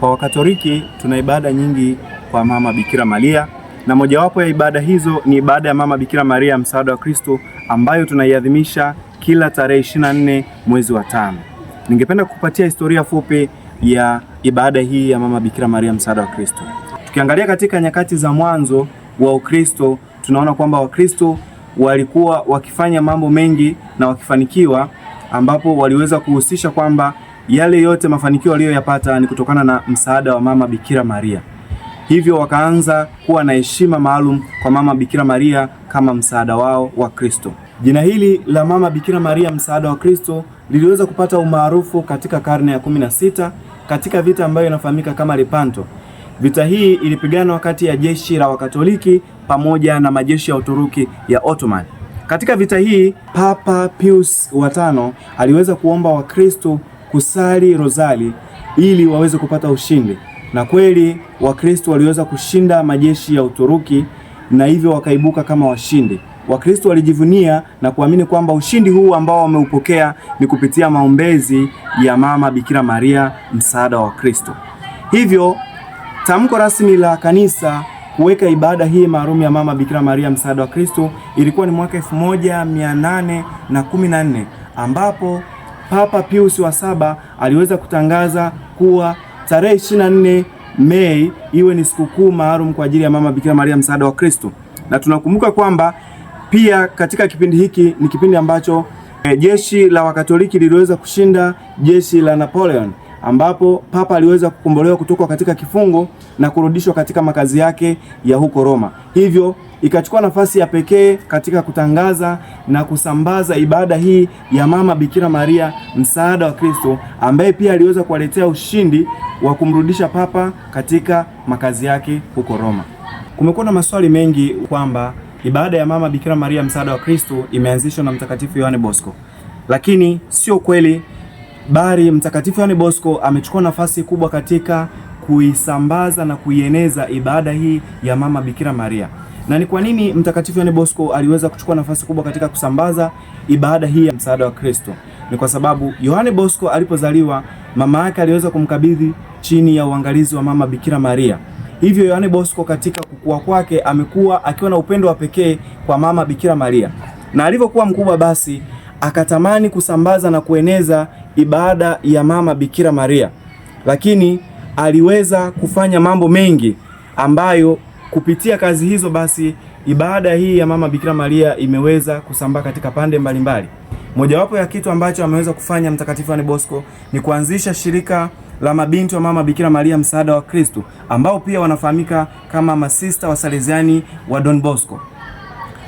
Kwa Wakatoliki tuna ibada nyingi kwa Mama Bikira Maria na mojawapo ya ibada hizo ni ibada ya Mama Bikira Maria msaada wa Kristo ambayo tunaiadhimisha kila tarehe 24 mwezi wa tano. Ningependa kukupatia historia fupi ya ibada hii ya Mama Bikira Maria msaada wa Kristo. Tukiangalia katika nyakati za mwanzo wa Ukristo, tunaona kwamba Wakristo walikuwa wakifanya mambo mengi na wakifanikiwa, ambapo waliweza kuhusisha kwamba yale yote mafanikio aliyoyapata ni kutokana na msaada wa mama Bikira Maria. Hivyo wakaanza kuwa na heshima maalum kwa mama Bikira Maria kama msaada wao wa Kristo. Jina hili la mama Bikira Maria msaada wa Kristo liliweza kupata umaarufu katika karne ya 16 katika vita ambayo inafahamika kama Lepanto. Vita hii ilipiganwa kati ya jeshi la Wakatoliki pamoja na majeshi ya Uturuki ya Ottoman. Katika vita hii Papa Pius wa tano aliweza kuomba Wakristo kusali rozali ili waweze kupata ushindi, na kweli Wakristo waliweza kushinda majeshi ya Uturuki na hivyo wakaibuka kama washindi. Wakristo walijivunia na kuamini kwamba ushindi huu ambao wameupokea ni kupitia maombezi ya Mama Bikira Maria, msaada wa Kristo. Hivyo tamko rasmi la kanisa kuweka ibada hii maalum ya Mama Bikira Maria, msaada wa Kristo ilikuwa ni mwaka 1814 ambapo Papa Pius wa saba aliweza kutangaza kuwa tarehe 24 Mei iwe ni sikukuu maalum kwa ajili ya Mama Bikira Maria msaada wa Kristo, na tunakumbuka kwamba pia katika kipindi hiki ni kipindi ambacho e, jeshi la Wakatoliki liliweza kushinda jeshi la Napoleon ambapo papa aliweza kukombolewa kutoka katika kifungo na kurudishwa katika makazi yake ya huko Roma. Hivyo ikachukua nafasi ya pekee katika kutangaza na kusambaza ibada hii ya Mama Bikira Maria, msaada wa Kristo, ambaye pia aliweza kuwaletea ushindi wa kumrudisha papa katika makazi yake huko Roma. Kumekuwa na maswali mengi kwamba ibada ya Mama Bikira Maria, msaada wa Kristo, imeanzishwa na Mtakatifu Yohane Bosco, lakini sio kweli bali Mtakatifu Yohane Bosco amechukua nafasi kubwa katika kuisambaza na kuieneza ibada hii ya Mama Bikira Maria. Na ni kwa nini Mtakatifu Yohane Bosco aliweza kuchukua nafasi kubwa katika kusambaza ibada hii ya msaada wa Kristo? Ni kwa sababu Yohane Bosco alipozaliwa, mama yake aliweza kumkabidhi chini ya uangalizi wa Mama Bikira Maria. Hivyo Yohane Bosco katika kukua kwake amekuwa akiwa na upendo wa pekee kwa Mama Bikira Maria, na alivyokuwa mkubwa, basi akatamani kusambaza na kueneza ibada ya mama Bikira Maria, lakini aliweza kufanya mambo mengi ambayo kupitia kazi hizo basi ibada hii ya mama Bikira Maria imeweza kusambaa katika pande mbalimbali. Mojawapo ya kitu ambacho ameweza kufanya Mtakatifu Yohane Bosco ni kuanzisha shirika la mabinti wa mama Bikira Maria msaada wa Kristu ambao pia wanafahamika kama masista wa Salesiani wa Don Bosco.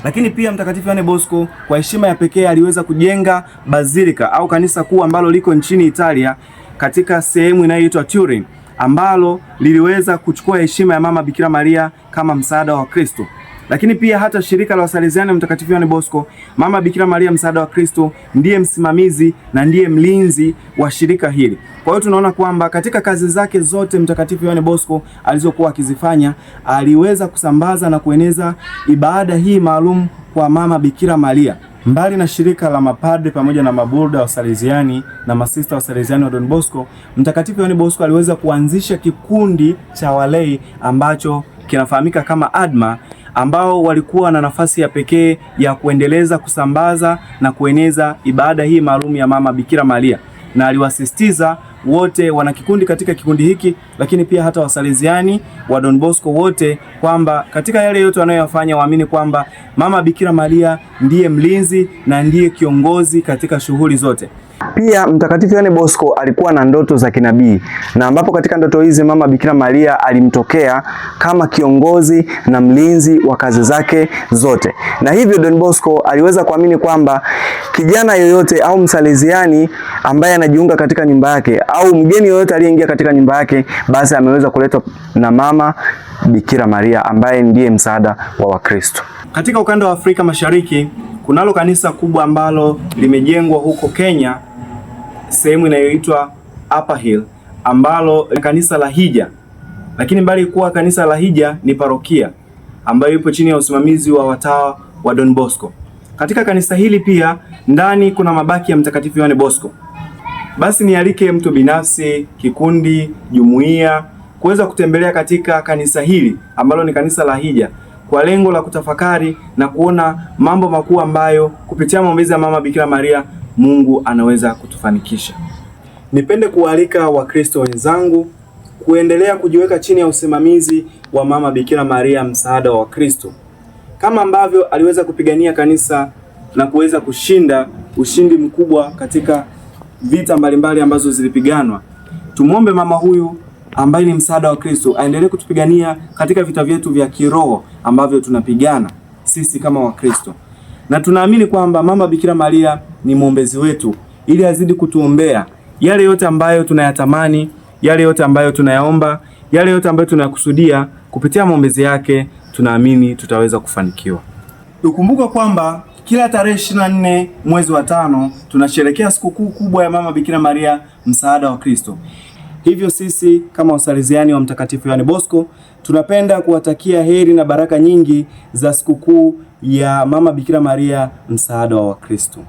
Lakini pia Mtakatifu Yohane Bosco kwa heshima ya pekee aliweza kujenga bazilika au kanisa kuu ambalo liko nchini Italia katika sehemu inayoitwa Turin ambalo liliweza kuchukua heshima ya Mama Bikira Maria kama msaada wa Kristo. Lakini pia hata shirika la Wasalesiano Mtakatifu Yohane Bosco, Mama Bikira Maria msaada wa Kristo ndiye msimamizi na ndiye mlinzi wa shirika hili. Kwa hiyo tunaona kwamba katika kazi zake zote Mtakatifu Yohane Bosco alizokuwa akizifanya, aliweza kusambaza na kueneza ibada hii maalum kwa Mama Bikira Maria. Mbali na shirika la mapadre pamoja na maburda wa Salesiani na masista wa Salesiani wa Don Bosco, Mtakatifu Yohane Bosco aliweza kuanzisha kikundi cha walei ambacho kinafahamika kama ADMA ambao walikuwa na nafasi ya pekee ya kuendeleza, kusambaza na kueneza ibada hii maalum ya Mama Bikira Maria, na aliwasisitiza wote wana kikundi katika kikundi hiki, lakini pia hata wasaliziani wa Don Bosco wote kwamba katika yale yote wanayoyafanya waamini kwamba Mama Bikira Maria ndiye mlinzi na ndiye kiongozi katika shughuli zote. Pia Mtakatifu Yohane Bosco alikuwa na ndoto za kinabii na ambapo katika ndoto hizi Mama Bikira Maria alimtokea kama kiongozi na mlinzi wa kazi zake zote, na hivyo Don Bosco aliweza kuamini kwamba kijana yoyote au msaleziani ambaye anajiunga katika nyumba yake au mgeni yoyote aliyeingia katika nyumba yake, basi ameweza kuletwa na Mama Bikira Maria ambaye ndiye msaada wa Wakristo. Katika ukanda wa Afrika Mashariki kunalo kanisa kubwa ambalo limejengwa huko Kenya sehemu inayoitwa Upper Hill ambalo kanisa la Hija, lakini mbali kuwa kanisa la Hija ni parokia ambayo ipo chini ya usimamizi wa watawa wa Don Bosco. Katika kanisa hili pia ndani kuna mabaki ya Mtakatifu Yohane Bosco. Basi nialike mtu binafsi, kikundi, jumuiya kuweza kutembelea katika kanisa hili ambalo ni kanisa la Hija kwa lengo la kutafakari na kuona mambo makuu ambayo kupitia maombezi ya Mama Bikira Maria Mungu anaweza kutufanikisha. Nipende kualika Wakristo wenzangu kuendelea kujiweka chini ya usimamizi wa Mama Bikira Maria, msaada wa kristo kama ambavyo aliweza kupigania kanisa na kuweza kushinda ushindi mkubwa katika vita mbalimbali ambazo zilipiganwa. Tumwombe mama huyu ambaye ni msaada wa Kristo aendelee kutupigania katika vita vyetu vya kiroho ambavyo tunapigana sisi kama Wakristo na tunaamini kwamba Mama Bikira Maria ni mwombezi wetu, ili azidi kutuombea yale yote ambayo tunayatamani, yale yote ambayo tunayaomba, yale yote ambayo tunayakusudia. Kupitia maombezi yake tunaamini tutaweza kufanikiwa. Ukumbuka kwamba kila tarehe 24 mwezi wa tano tunasherekea sikukuu kubwa ya Mama Bikira Maria, msaada wa Kristo. Hivyo sisi kama wasaliziani wa Mtakatifu Yohane Bosco Tunapenda kuwatakia heri na baraka nyingi za sikukuu ya Mama Bikira Maria, msaada wa Wakristo.